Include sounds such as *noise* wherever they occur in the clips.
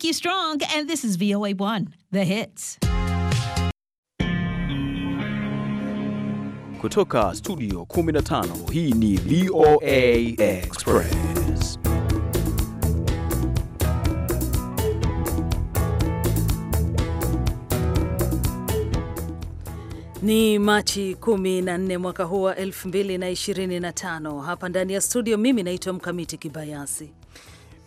Becky Strong, and this is VOA One, the hits. Kutoka studio 15, hii ni VOA Express. Ni Machi 14 mwaka huu wa 2025. Hapa ndani ya studio, mimi naitwa Mkamiti Kibayasi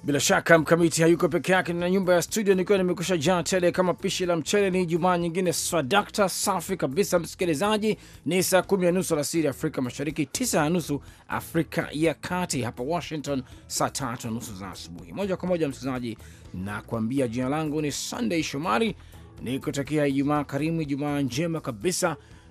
bila shaka mkamiti hayuko peke yake na nyumba ya studio, nikiwa nimekusha jana tele kama pishi la mchele. Ni Jumaa nyingine swadakta safi kabisa. Msikilizaji, ni saa kumi na nusu alasiri Afrika Mashariki, tisa na nusu Afrika ya Kati, hapa Washington saa tatu na nusu za asubuhi. Moja kwa moja, msikilizaji, nakuambia jina langu ni Sunday Shomari, nikutakia Ijumaa karimu, Ijumaa njema kabisa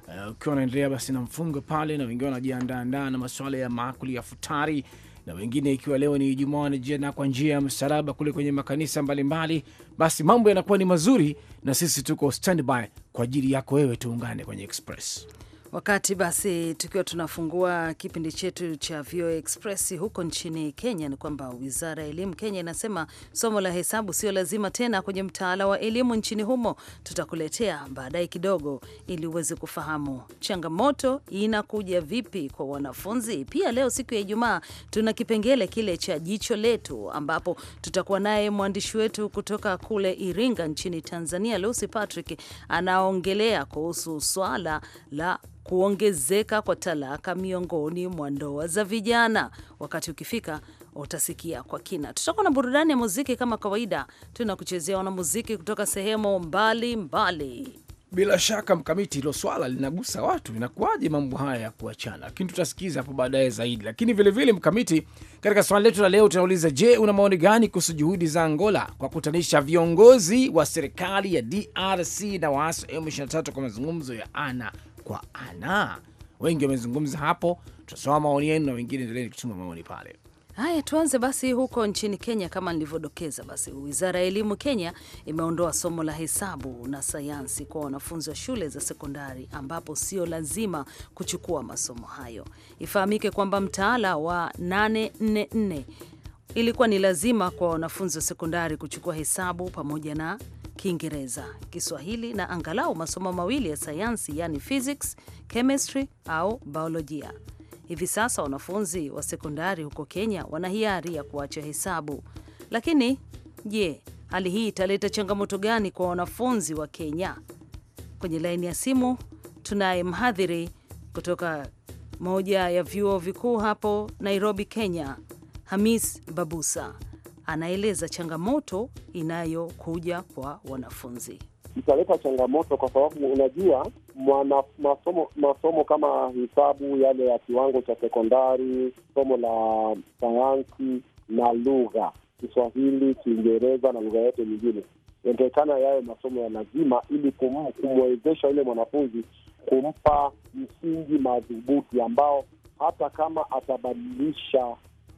uh, ukiwa uh, unaendelea basi na mfungo pale, na wengine wanajiandaandaa na masuala ya maakuli ya futari na wengine ikiwa leo ni Ijumaa wanajiandaa kwa njia ya msalaba kule kwenye makanisa mbalimbali mbali, basi mambo yanakuwa ni mazuri, na sisi tuko standby kwa ajili yako wewe. Tuungane kwenye Express. Wakati basi tukiwa tunafungua kipindi chetu cha VOA Express huko nchini Kenya, ni kwamba wizara ya elimu Kenya inasema somo la hesabu sio lazima tena kwenye mtaala wa elimu nchini humo. Tutakuletea baadaye kidogo, ili uweze kufahamu changamoto inakuja vipi kwa wanafunzi. Pia leo siku ya Ijumaa tuna kipengele kile cha jicho letu, ambapo tutakuwa naye mwandishi wetu kutoka kule Iringa nchini Tanzania, Lucy Patrick, anaongelea kuhusu swala la kuongezeka kwa talaka miongoni mwa ndoa za vijana. Wakati ukifika utasikia kwa kina. Tutakuwa na burudani ya muziki kama kawaida, tunakuchezea wanamuziki kutoka sehemu mbalimbali mbali. Bila shaka Mkamiti, hilo swala linagusa watu. Inakuwaje mambo haya ya kuachana? Lakini tutasikiza hapo baadaye zaidi. Lakini vilevile Mkamiti, katika swali letu la leo tunauliza, je, una maoni gani kuhusu juhudi za Angola kwa kutanisha viongozi wa serikali ya DRC na waasi M23 kwa mazungumzo ya ana kwa ana. Wengi wamezungumza hapo, tutasoma maoni yenu na wengine endeleni kuchuma maoni pale. Haya, tuanze basi huko nchini Kenya. Kama nilivyodokeza, basi wizara ya elimu Kenya imeondoa somo la hesabu na sayansi kwa wanafunzi wa shule za sekondari, ambapo sio lazima kuchukua masomo hayo. Ifahamike kwamba mtaala wa 844 ilikuwa ni lazima kwa wanafunzi wa sekondari kuchukua hesabu pamoja na Kiingereza, Kiswahili na angalau masomo mawili ya sayansi, yani physics, chemistry au biolojia. Hivi sasa wanafunzi wa sekondari huko Kenya wana hiari ya kuacha hesabu. Lakini je, hali hii italeta changamoto gani kwa wanafunzi wa Kenya? Kwenye laini ya simu tunaye mhadhiri kutoka moja ya vyuo vikuu hapo Nairobi, Kenya, Hamis Babusa anaeleza changamoto inayokuja kwa wanafunzi. Italeta changamoto kwa sababu unajua mwana, masomo, masomo kama hisabu yale ya kiwango cha sekondari, somo la sayansi na lugha Kiswahili, Kiingereza na lugha yote nyingine inatakikana yayo masomo ya lazima ili kumwezesha yule mwanafunzi kumpa msingi madhubuti ambao hata kama atabadilisha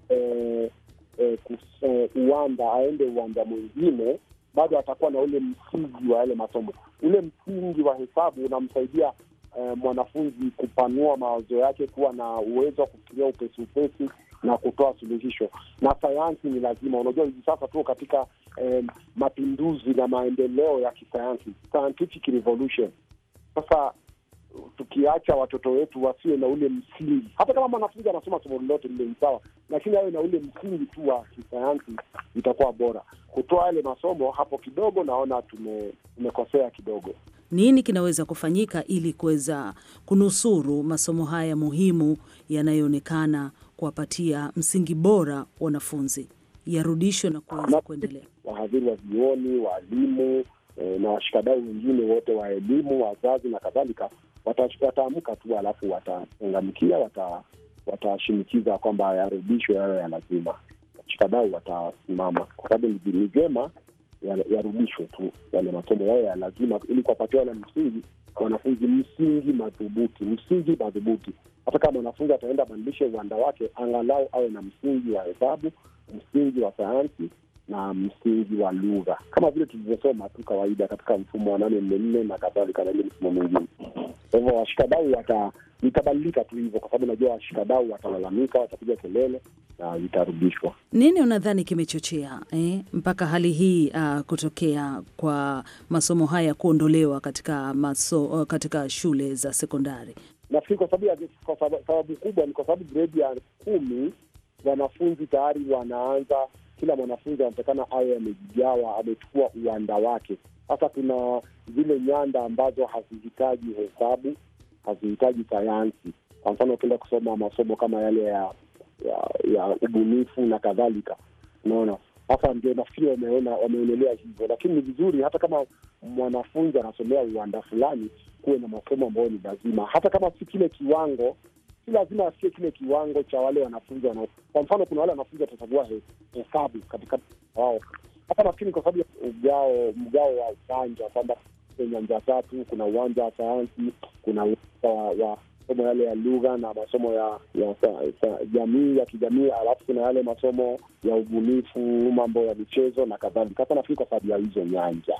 eh, eh, eh, uwanda aende uwanda mwingine, bado atakuwa na ule msingi wa yale masomo. Ule msingi wa hesabu unamsaidia eh, mwanafunzi kupanua mawazo yake, kuwa na uwezo wa kufikiria upesi upesi na kutoa suluhisho. Na sayansi ni lazima, unajua hivi sasa tuo katika eh, mapinduzi na maendeleo ya kisayansi, scientific revolution. Sasa tukiacha watoto wetu wasiwe na ule msingi, hata kama mwanafunzi anasoma somo lolote lile ni sawa, lakini awe na ule msingi tu wa kisayansi itakuwa bora. Kutoa yale masomo hapo kidogo, naona tume, tumekosea kidogo. Nini kinaweza kufanyika ili kuweza kunusuru masomo haya muhimu yanayoonekana kuwapatia msingi bora wanafunzi, yarudishwe na kuweza kuendelea? Wahadhiri wa vioni, waalimu eh, na washikadau wengine wote wa elimu, wazazi na kadhalika wataamka tu, alafu watachangamkia, watashinikiza kwamba yarudishwe yayo ya lazima. shikadao watasimama kwa sababu ni vyema yarudishwe tu yale masomo yayo ya lazima, ili kuwapatia wale msingi wanafunzi msingi madhubuti, msingi madhubuti. Hata kama mwanafunzi ataenda abadilishe uwanda wake, angalau awe na msingi wa hesabu, msingi wa sayansi na msingi wa lugha kama vile tulivyosoma tu kawaida katika mfumo wa nane nne nne na kadhalika na ile mfumo mwingine. Kwa hivyo washikadau wata itabadilika tu hivyo, kwa sababu najua washikadau watalalamika, watapiga kelele na itarudishwa. Nini unadhani kimechochea eh, mpaka hali hii uh, kutokea kwa masomo haya kuondolewa katika maso, uh, katika shule za sekondari? Nafikiri kwa sababu kwa sababu kubwa ni kwa sababu gredi ya kumi wanafunzi tayari wanaanza kila mwanafunzi anatakana awe amejigawa, amechukua uwanda wake. Sasa tuna zile nyanda ambazo hazihitaji hesabu, hazihitaji sayansi. Kwa mfano, ukienda kusoma masomo kama yale ya ya, ya ubunifu na kadhalika, unaona sasa ndio nafikiri wameonelea hivyo, lakini ni vizuri hata kama mwanafunzi anasomea uwanda fulani, kuwe na masomo ambayo ni lazima, hata kama si kile kiwango si lazima asikie kile kiwango cha wale wanafunzi wana. Kwa mfano, kuna wale wanafunzi watachagua hesabu katika wao, hapa, nafikiri kwa sababu ugao mgao wa uwanja kwamba nyanja tatu, kuna uwanja wa sayansi, kuna uwanja wa masomo yale ya lugha na masomo ya jamii ya kijamii, alafu kuna yale masomo ya ubunifu, mambo ya michezo na kadhalika. Hata nafikiri kwa sababu ya hizo nyanja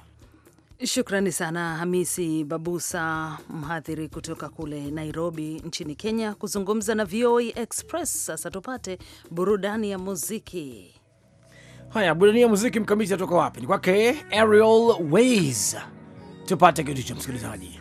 Shukrani sana Hamisi Babusa, mhadhiri kutoka kule Nairobi nchini Kenya, kuzungumza na VOA Express. Sasa tupate burudani ya muziki. Haya, burudani ya muziki mkamiti atoka wapi? Ni kwake Ariel Ways. Tupate kitu cha msikilizaji.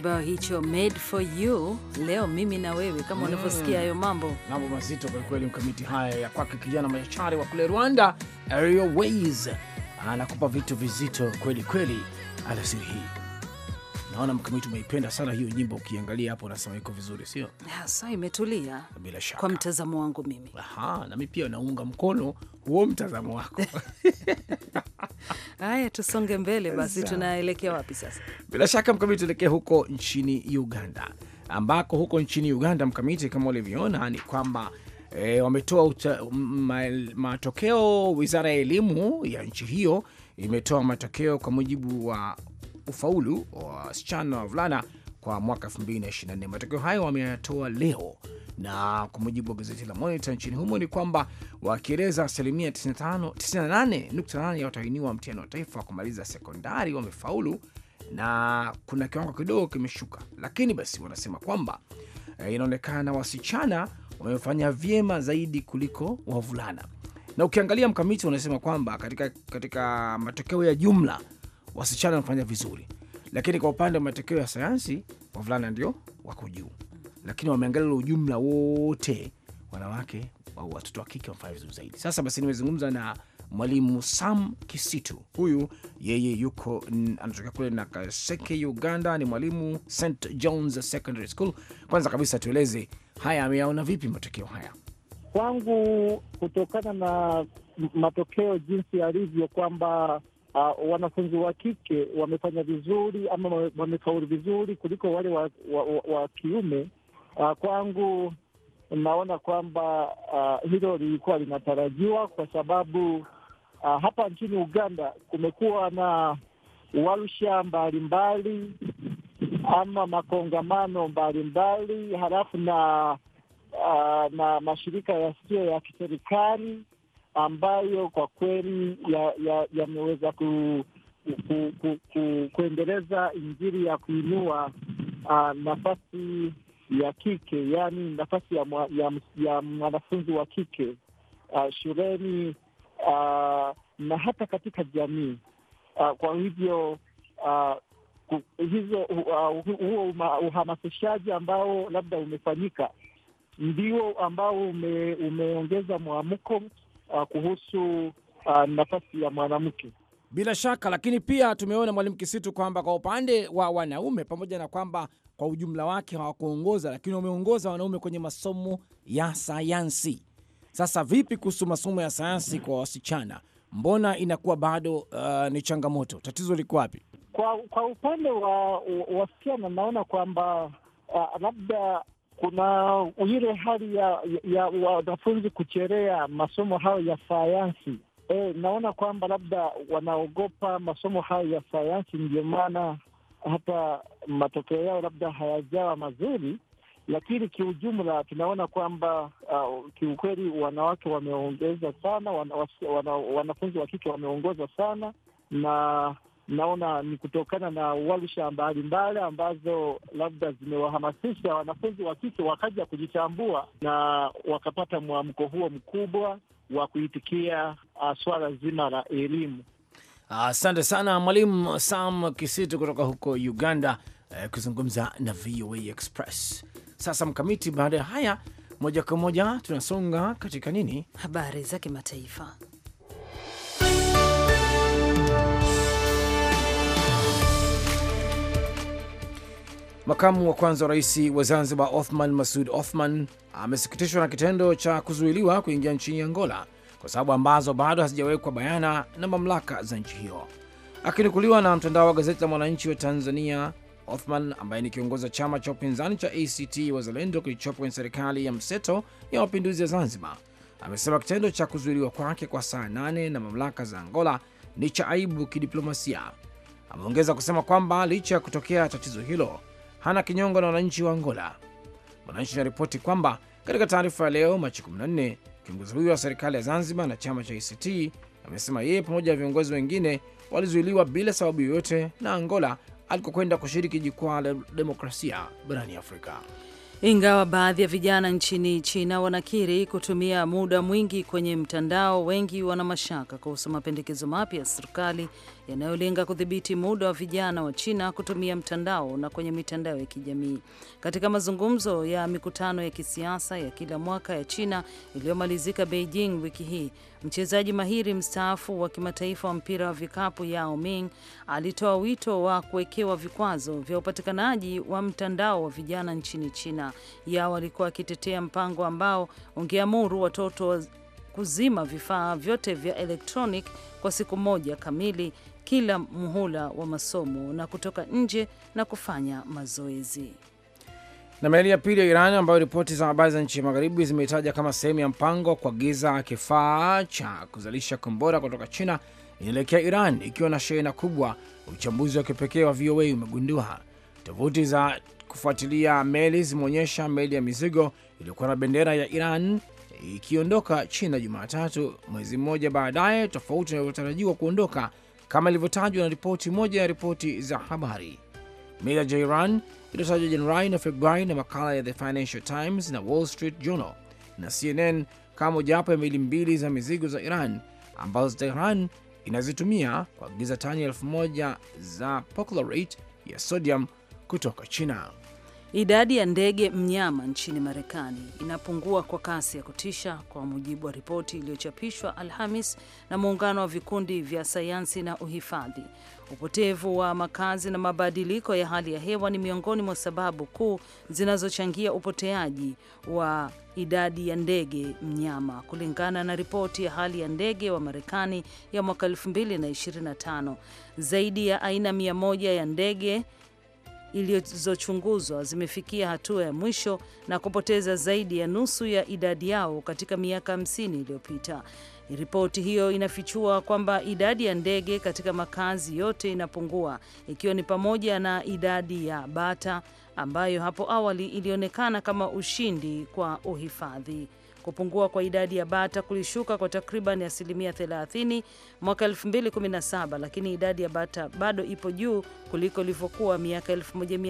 kibao hicho made for you. Leo mimi na wewe kama unavyosikia mm. hayo mambo mambo mazito kweli mkamiti. Haya ya kwake kijana machari wa kule Rwanda, ways anakupa vitu vizito kweli kweli alasiri hii. Naona mkamiti umeipenda sana hiyo nyimbo, ukiangalia hapo unasema iko vizuri, sio hasa? Imetulia bila shaka, kwa mtazamo wangu mimi. Aha, nami pia naunga mkono huo mtazamo wako *laughs* *laughs* Haya, tusonge mbele basi. Tunaelekea wapi sasa? Bila shaka Mkamiti, tuelekee huko nchini Uganda, ambako huko nchini Uganda Mkamiti, kama ulivyoona ni kwamba e, wametoa matokeo. Wizara ya elimu ya nchi hiyo imetoa matokeo kwa mujibu wa ufaulu wa wasichana na wavulana kwa mwaka 2024. Matokeo hayo wameyatoa leo, na kwa mujibu wa gazeti la Monitor nchini humo ni kwamba wakieleza asilimia 98.8 ya watahiniwa mtihani wa taifa wa kumaliza sekondari wamefaulu, na kuna kiwango kidogo kimeshuka, lakini basi wanasema kwamba e, inaonekana wasichana wamefanya vyema zaidi kuliko wavulana, na ukiangalia mkamiti, wanasema kwamba katika, katika matokeo ya jumla wasichana wamefanya vizuri lakini kwa upande wa matokeo ya sayansi, wavulana ndio wako juu, lakini wameangalia ujumla wote, wanawake au watoto wa kike wamefanya vizuri zaidi. Sasa basi, nimezungumza na mwalimu Sam Kisitu. Huyu yeye yuko anatokea kule Nakaseke, Uganda, ni mwalimu St John's Secondary School. Kwanza kabisa, tueleze haya, ameyaona vipi matokeo haya? Kwangu, kutokana na matokeo jinsi yalivyo, kwamba uh, wanafunzi wa kike wamefanya vizuri ama wamefaulu vizuri kuliko wale wa, wa, wa, wa kiume. Uh, kwangu naona kwamba uh, hilo lilikuwa linatarajiwa kwa sababu uh, hapa nchini Uganda kumekuwa na warsha mbalimbali ama makongamano mbalimbali halafu na uh, na mashirika yasiyo ya kiserikali ambayo kwa kweli yameweza ya, ya ku, ku, ku, ku, kuendeleza injili ya kuinua uh, nafasi ya kike, yaani nafasi ya, ya, ya mwanafunzi wa kike uh, shuleni uh, na hata katika jamii uh, kwa hivyo uh, hizo huo uh, uhamasishaji ambao labda umefanyika ndio ambao ume, umeongeza mwamko uh, kuhusu uh, nafasi ya mwanamke bila shaka. Lakini pia tumeona Mwalimu Kisitu kwamba kwa upande wa wanaume, pamoja na kwamba kwa ujumla wake hawakuongoza, lakini wameongoza wanaume kwenye masomo ya sayansi. Sasa vipi kuhusu masomo ya sayansi kwa wasichana? Mbona inakuwa bado uh, ni changamoto? Tatizo liko wapi? Kwa, kwa upande wa wasichana naona kwamba uh, labda kuna ile hali ya, ya wanafunzi kucherea masomo hayo ya sayansi. E, naona kwamba labda wanaogopa masomo hayo ya sayansi, ndio maana hata matokeo yao labda hayajawa mazuri, lakini kiujumla tunaona kwamba uh, kiukweli wanawake wameongeza sana, wana, wana, wanafunzi wa kike wameongoza sana na naona ni kutokana na warsha mbalimbali ambazo labda zimewahamasisha wanafunzi wa kike wakaja kujitambua na wakapata mwamko huo mkubwa wa kuitikia uh, swala zima la elimu. Asante sana Mwalimu Sam Kisitu kutoka huko Uganda eh, kuzungumza na VOA Express. Sasa Mkamiti, baada ya haya moja kwa moja tunasonga katika nini, habari za kimataifa. Makamu wa kwanza wa rais wa Zanzibar Othman Masud Othman amesikitishwa na kitendo cha kuzuiliwa kuingia nchini Angola kwa sababu ambazo bado hazijawekwa bayana na mamlaka za nchi hiyo. Akinukuliwa na mtandao wa gazeti la Mwananchi wa Tanzania, Othman ambaye ni kiongozi wa chama cha upinzani cha ACT Wazalendo kilichopo kwenye serikali ya mseto ya mapinduzi ya Zanzibar amesema kitendo cha kuzuiliwa kwake kwa saa nane na mamlaka za Angola ni cha aibu kidiplomasia. Ameongeza kusema kwamba licha ya kutokea tatizo hilo hana kinyongo na wananchi wa Angola. Mwananchi anaripoti kwamba katika taarifa ya leo Machi 14, kiongozi huyo wa serikali ya Zanzibar na chama cha ACT amesema yeye pamoja na viongozi wengine walizuiliwa bila sababu yoyote na Angola alikokwenda kushiriki jukwaa la demokrasia barani Afrika. Ingawa baadhi ya vijana nchini China wanakiri kutumia muda mwingi kwenye mtandao, wengi wana mashaka kuhusu mapendekezo mapya ya serikali yanayolenga kudhibiti muda wa vijana wa China kutumia mtandao na kwenye mitandao ya kijamii. Katika mazungumzo ya mikutano ya kisiasa ya kila mwaka ya China iliyomalizika Beijing wiki hii, mchezaji mahiri mstaafu wa kimataifa wa mpira wa vikapu Yao Ming alitoa wito wa kuwekewa vikwazo vya upatikanaji wa mtandao wa vijana nchini China. Yao alikuwa akitetea mpango ambao ungeamuru watoto kuzima vifaa vyote vya electronic kwa siku moja kamili kila muhula wa masomo na kutoka nje na kufanya mazoezi. Na meli ya pili ya Iran ambayo ripoti za habari za nchi magharibi zimeitaja kama sehemu ya mpango wa kuagiza kifaa cha kuzalisha kombora kutoka China inaelekea Iran ikiwa na shehena kubwa. Uchambuzi wa kipekee wa VOA umegundua tovuti za kufuatilia meli zimeonyesha meli ya mizigo iliyokuwa na bendera ya Iran ikiondoka China Jumatatu, mwezi mmoja baadaye, tofauti inavyotarajiwa kuondoka kama ilivyotajwa na ripoti moja ya ripoti za habari. Mila Jairan iliyotajwa Januari na Februari na makala ya The Financial Times na Wall Street Journal na CNN kama mojawapo ya meli mbili za mizigo za Iran ambazo Tehran inazitumia kuagiza tani elfu moja za poclorate ya sodium kutoka China. Idadi ya ndege mnyama nchini Marekani inapungua kwa kasi ya kutisha kwa mujibu wa ripoti iliyochapishwa Alhamis na muungano wa vikundi vya sayansi na uhifadhi. Upotevu wa makazi na mabadiliko ya hali ya hewa ni miongoni mwa sababu kuu zinazochangia upoteaji wa idadi ya ndege mnyama, kulingana na ripoti ya hali ya ndege wa Marekani ya mwaka 2025. Zaidi ya aina 100 ya ndege ilizochunguzwa zimefikia hatua ya mwisho na kupoteza zaidi ya nusu ya idadi yao katika miaka 50 iliyopita. Ripoti hiyo inafichua kwamba idadi ya ndege katika makazi yote inapungua ikiwa ni pamoja na idadi ya bata ambayo hapo awali ilionekana kama ushindi kwa uhifadhi. Kupungua kwa idadi ya bata kulishuka kwa takriban asilimia 30 mwaka 2017, lakini idadi ya bata bado ipo juu kuliko ilivyokuwa miaka 1970.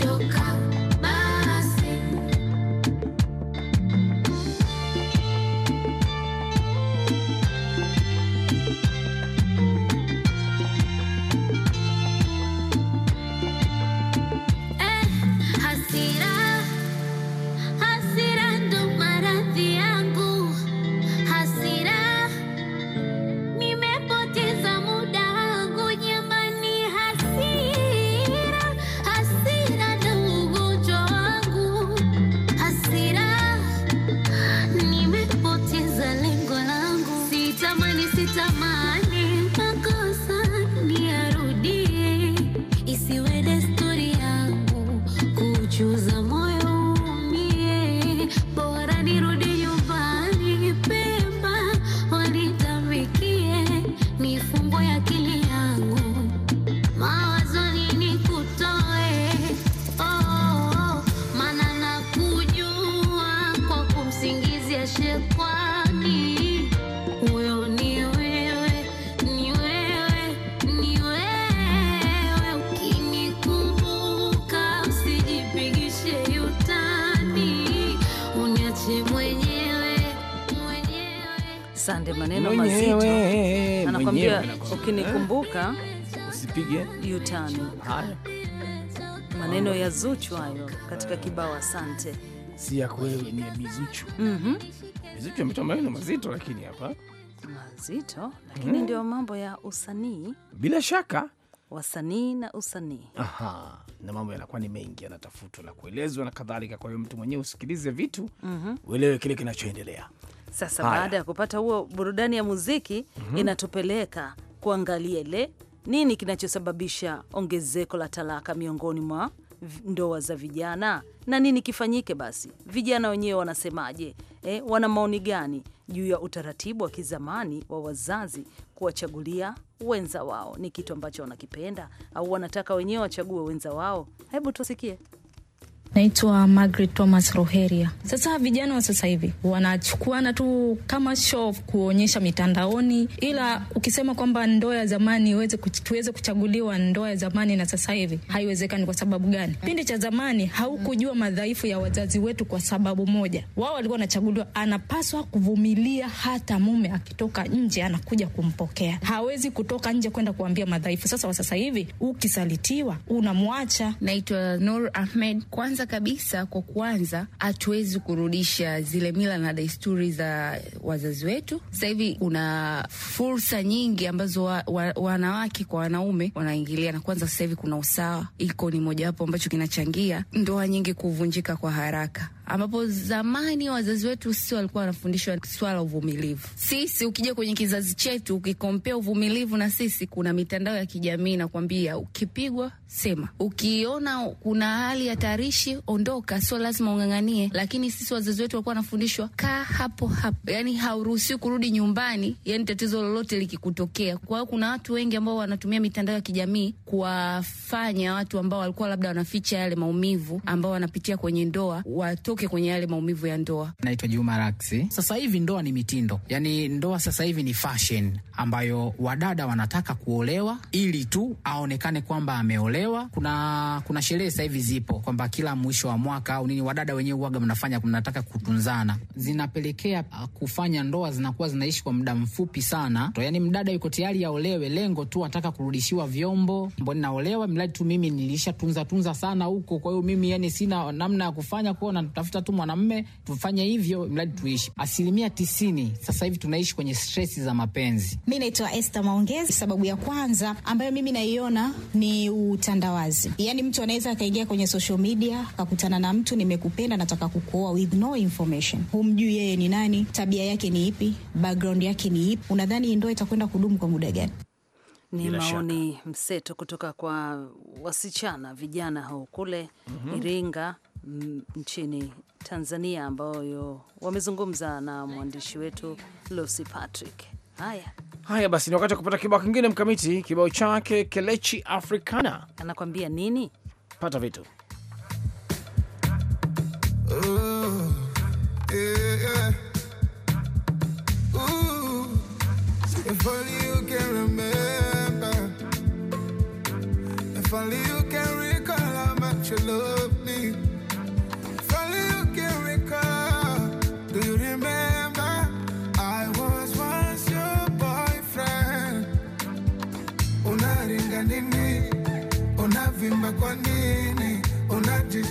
show. upande maneno mazito, anakwambia ukinikumbuka usipige yutani. Haya maneno ya Zuchu hayo katika kibao asante, si ya kweli, ni ya Mizuchu. mm Mizuchu ametoa maneno mazito, lakini hapa mazito, lakini mm. ndio mambo ya usanii bila shaka wasanii na usanii. Aha, na mambo yanakuwa ni mengi, yanatafutwa na kuelezwa na kadhalika. Kwa hiyo mtu mwenyewe usikilize vitu mm -hmm. uelewe kile kinachoendelea. Sasa baada ya kupata huo burudani ya muziki mm -hmm. inatupeleka kuangalia le nini kinachosababisha ongezeko la talaka miongoni mwa ndoa za vijana na nini kifanyike. Basi vijana wenyewe wanasemaje? Eh, wana maoni gani juu ya utaratibu wa kizamani wa wazazi kuwachagulia wenza wao? Ni kitu ambacho wanakipenda au wanataka wenyewe wachague wenza wao? Hebu tusikie. Naitwa Margaret Thomas Roheria. Sasa vijana wa sasa hivi wanachukuana tu kama show kuonyesha mitandaoni, ila ukisema kwamba ndoa ya zamani iweze tuweze kuchaguliwa ndoa ya zamani na sasa hivi haiwezekani. Kwa sababu gani? Kipindi cha zamani haukujua madhaifu ya wazazi wetu. Kwa sababu moja, wao walikuwa wanachaguliwa, anapaswa kuvumilia hata mume akitoka nje, anakuja kumpokea, hawezi kutoka nje kwenda kuambia madhaifu. Sasa wa sasa hivi ukisalitiwa unamwacha. Naitwa Nur Ahmed. Kwanza kwanza kabisa, kwa kwanza hatuwezi kurudisha zile mila na desturi za wazazi wetu. Sasa hivi kuna fursa nyingi ambazo wa, wa, wanawake kwa wanaume wanaingilia, na kwanza sasa hivi kuna usawa, iko ni mojawapo ambacho kinachangia ndoa nyingi kuvunjika kwa haraka ambapo zamani wazazi wetu sio walikuwa wanafundishwa swala uvumilivu. Sisi ukija kwenye kizazi chetu, ukikompea uvumilivu na sisi, kuna mitandao ya kijamii nakwambia, ukipigwa sema, ukiona kuna hali tarishi ondoka, sio lazima ung'ang'anie. Lakini sisi wazazi wetu walikuwa wanafundishwa kaa hapo hapo, yani hauruhusiwi kurudi nyumbani, yani tatizo lolote likikutokea. Kwa hiyo kuna watu wengi ambao wanatumia mitandao ya kijamii kuwafanya watu ambao walikuwa labda wanaficha yale maumivu ambao wanapitia kwenye ndoa watoke uondoke kwenye yale maumivu ya ndoa. Naitwa Juma Raksi. Sasa hivi ndoa ni mitindo, yaani ndoa sasa hivi ni fashion ambayo wadada wanataka kuolewa ili tu aonekane kwamba ameolewa. Kuna kuna sherehe sasa hivi zipo kwamba kila mwisho wa mwaka au nini, wadada wenyewe uwaga mnafanya, mnataka kutunzana, zinapelekea uh, kufanya ndoa zinakuwa zinaishi kwa muda mfupi sana. Yaani mdada yuko tayari aolewe, lengo tu anataka kurudishiwa vyombo, mbona naolewa mradi tu mimi nilishatunza tunza sana huko, kwa hiyo mimi yani sina namna ya kufanya kuona tafuta tu mwanamme tufanye hivyo, mradi tuishi. Asilimia tisini sasa hivi tunaishi kwenye stresi za mapenzi. Mi naitwa Esther Maongezi. Sababu ya kwanza ambayo mimi naiona ni utandawazi, yaani mtu anaweza akaingia kwenye social media akakutana na mtu, nimekupenda nataka kukuoa with no information, humjui yeye ni nani, tabia yake ni ipi, background yake ni ipi, unadhani ndoa itakwenda kudumu kwa muda gani? Ni Bila maoni shaka mseto kutoka kwa wasichana vijana hao kule mm -hmm. Iringa nchini Tanzania, ambayo wamezungumza na mwandishi wetu Lucy Patrick. Haya haya, basi ni wakati wa kupata kibao kingine. Mkamiti kibao chake Kelechi Africana anakuambia nini? Pata vitu oh, yeah, yeah.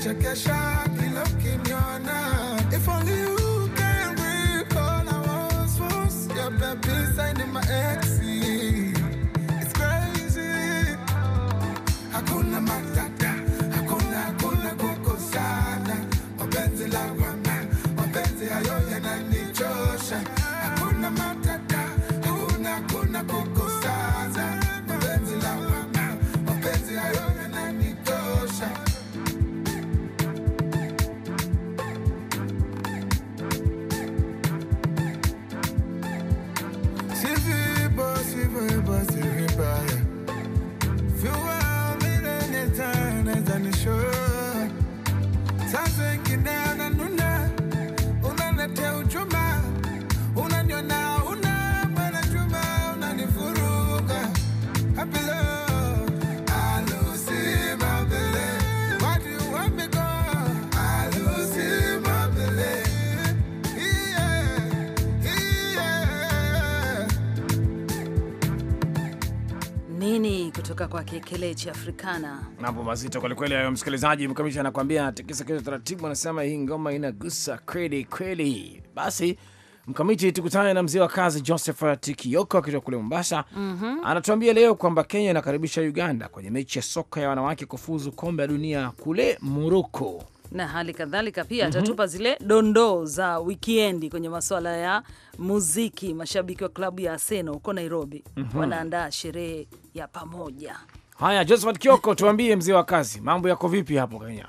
Chekesha, If only you can recall our was once your baby signing. kwake Kelechi Afrikana. Mambo mazito kwelikweli hayo, msikilizaji. Mkamishi anakuambia tikisa kichwa taratibu, anasema hii ngoma inagusa kweli kweli. Basi Mkamiti, tukutane na mzee wa kazi Josephat Kioko akitoka kule Mombasa. mm -hmm. Anatuambia leo kwamba Kenya inakaribisha Uganda kwenye mechi ya soka ya wanawake kufuzu kombe la dunia kule Moroko na hali kadhalika pia mhm. atatupa mm -hmm. zile dondoo za wikiendi kwenye masuala ya muziki. Mashabiki wa klabu ya Arsenal huko Nairobi mm -hmm. wanaandaa sherehe ya pamoja. Haya, Josephat Kioko, tuambie mzee wa kazi, mambo yako vipi hapo Kenya?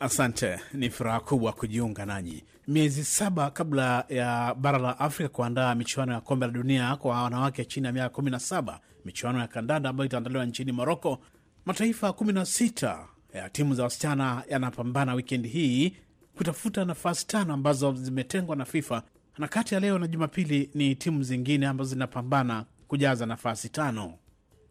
Asante, ni furaha kubwa kujiunga nanyi. Miezi saba kabla ya bara la Afrika kuandaa michuano ya kombe la dunia kwa wanawake chini ya miaka kumi na saba, michuano ya kandanda ambayo itaandaliwa nchini Moroko, mataifa kumi na sita ya eh, timu za wasichana yanapambana wikendi hii kutafuta nafasi tano ambazo zimetengwa na FIFA, na kati ya leo na Jumapili ni timu zingine ambazo zinapambana kujaza nafasi tano.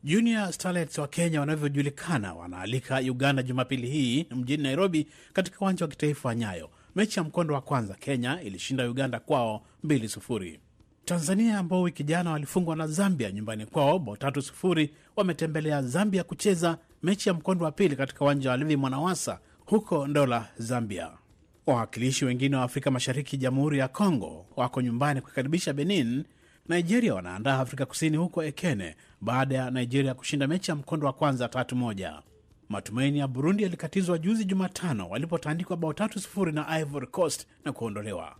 Junior Starlets wa Kenya wanavyojulikana wanaalika Uganda Jumapili hii mjini Nairobi, katika uwanja wa kitaifa wa Nyayo. Mechi ya mkondo wa kwanza Kenya ilishinda Uganda kwao 2 Tanzania ambao wiki jana walifungwa na Zambia nyumbani kwao bao 3 wametembelea Zambia kucheza mechi ya mkondo wa pili katika uwanja wa Livi Mwanawasa huko Ndola, Zambia. Wawakilishi wengine wa Afrika Mashariki, Jamhuri ya Kongo wako nyumbani kuikaribisha Benin. Nigeria wanaandaa Afrika Kusini huko Ekene baada ya Nigeria kushinda mechi ya mkondo wa kwanza tatu moja. Matumaini ya Burundi yalikatizwa juzi Jumatano walipotandikwa bao tatu sufuri na Ivory Coast na kuondolewa.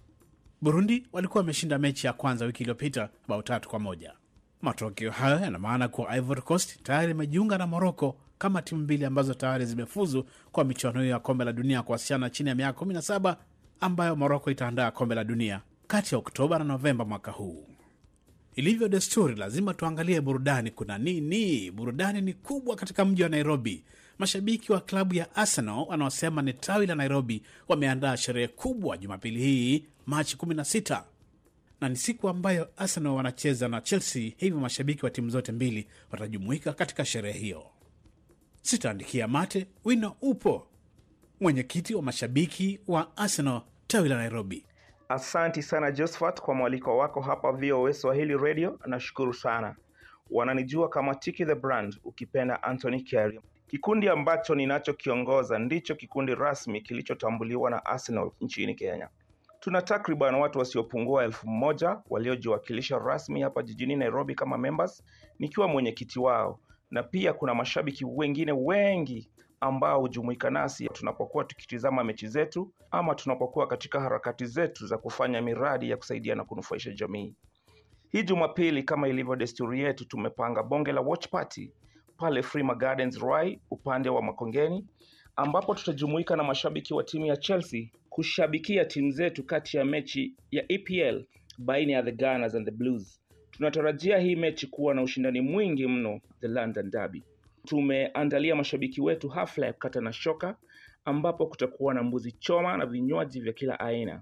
Burundi walikuwa wameshinda mechi ya kwanza wiki iliyopita bao tatu kwa moja. Matokeo hayo yana maana kuwa Ivory Coast tayari imejiunga na Moroko kama timu mbili ambazo tayari zimefuzu kwa michuano hiyo ya kombe la dunia kwa wasichana chini ya miaka 17 ambayo Moroko itaandaa kombe la dunia kati ya Oktoba na Novemba mwaka huu. Ilivyo desturi, lazima tuangalie burudani. Kuna nini? Burudani ni kubwa katika mji wa Nairobi. Mashabiki wa klabu ya Arsenal wanaosema ni tawi la Nairobi wameandaa sherehe kubwa Jumapili hii Machi 16 na ni siku ambayo Arsenal wanacheza na Chelsea, hivyo mashabiki wa timu zote mbili watajumuika katika sherehe hiyo sitaandikia mate, wino upo. Mwenyekiti wa mashabiki wa Arsenal tawi la Nairobi. Asanti sana josphat kwa mwaliko wako hapa VOA Swahili Radio, nashukuru sana. Wananijua kama Tiki the Brand, ukipenda antony kery Kikundi ambacho ninachokiongoza ndicho kikundi rasmi kilichotambuliwa na Arsenal nchini Kenya. Tuna takriban watu wasiopungua elfu moja waliojiwakilisha rasmi hapa jijini Nairobi kama members, nikiwa mwenyekiti wao na pia kuna mashabiki wengine wengi ambao hujumuika nasi tunapokuwa tukitizama mechi zetu ama tunapokuwa katika harakati zetu za kufanya miradi ya kusaidia na kunufaisha jamii. Hii Jumapili, kama ilivyo desturi yetu, tumepanga bonge la watch party pale Freema Gardens rye upande wa Makongeni, ambapo tutajumuika na mashabiki wa timu ya Chelsea kushabikia timu zetu kati ya mechi ya EPL baina ya the Gunners and the Blues. Tunatarajia hii mechi kuwa na ushindani mwingi mno, the London Derby. Tumeandalia mashabiki wetu hafla ya kukata na shoka, ambapo kutakuwa na mbuzi choma na vinywaji vya kila aina.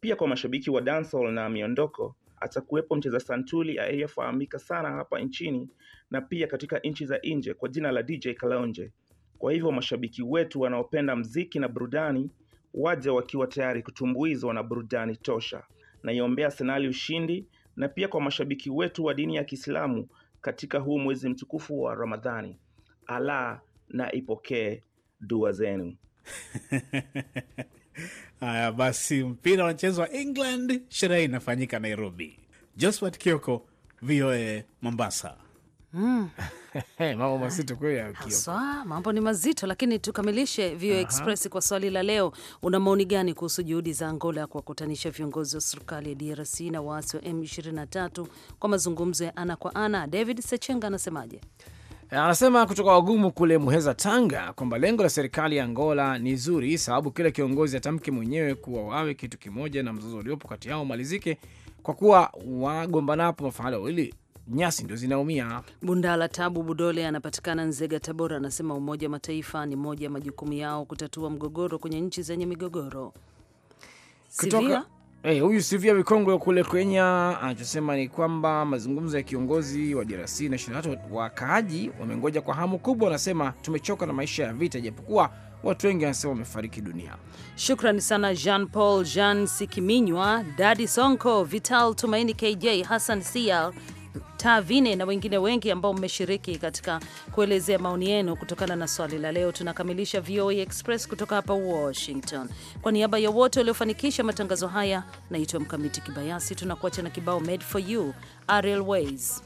Pia kwa mashabiki wa dansol na miondoko, atakuwepo mcheza santuli aliyefahamika sana hapa nchini na pia katika nchi za nje kwa jina la DJ Kalonje. Kwa hivyo mashabiki wetu wanaopenda mziki na burudani waje wakiwa tayari kutumbuizwa na burudani tosha. Naiombea senali ushindi na pia kwa mashabiki wetu wa dini ya Kiislamu katika huu mwezi mtukufu wa Ramadhani. Ala na ipokee dua zenu. *laughs* Haya basi, mpira unachezwa England, sherehe inafanyika Nairobi. Josphat Kioko, VOA Mombasa. Mm. Hey, mambo mazito kweli mambo ni mazito, lakini tukamilishe VOA Express kwa swali la leo. Una maoni gani kuhusu juhudi za Angola ya kuwakutanisha viongozi wa serikali ya DRC na waasi wa M23 kwa mazungumzo ya ana kwa ana? David Sechenga anasemaje? Anasema kutoka wagumu kule Muheza, Tanga, kwamba lengo la serikali ya Angola ni zuri, sababu kila kiongozi atamke mwenyewe kuwa wawe kitu kimoja na mzozo uliopo kati yao umalizike, kwa kuwa wagombanapo mafahali wawili nyasi ndio zinaumia. Bundala Tabu Budole anapatikana Nzega, Tabora, anasema Umoja wa Mataifa ni moja ya majukumu yao kutatua mgogoro kwenye nchi zenye migogoro. Kutoka eh, huyu Sivia Vikongwe kule Kenya anachosema ni kwamba mazungumzo ya kiongozi wa DRC na shirikati wakaaji wamengoja kwa hamu kubwa, wanasema tumechoka na maisha ya vita, japokuwa watu wengi wanasema wamefariki dunia. Shukrani sana Jean Paul Jean Sikiminywa, Dadi Sonko, Vital Tumaini, KJ Hassan Sial Tavine na wengine wengi ambao mmeshiriki katika kuelezea maoni yenu kutokana na swali la leo. Tunakamilisha VOA Express kutoka hapa Washington. Kwa niaba ya wote waliofanikisha matangazo haya, naitwa Mkamiti Kibayasi. Tunakuacha na kibao made for you Ariel Ways.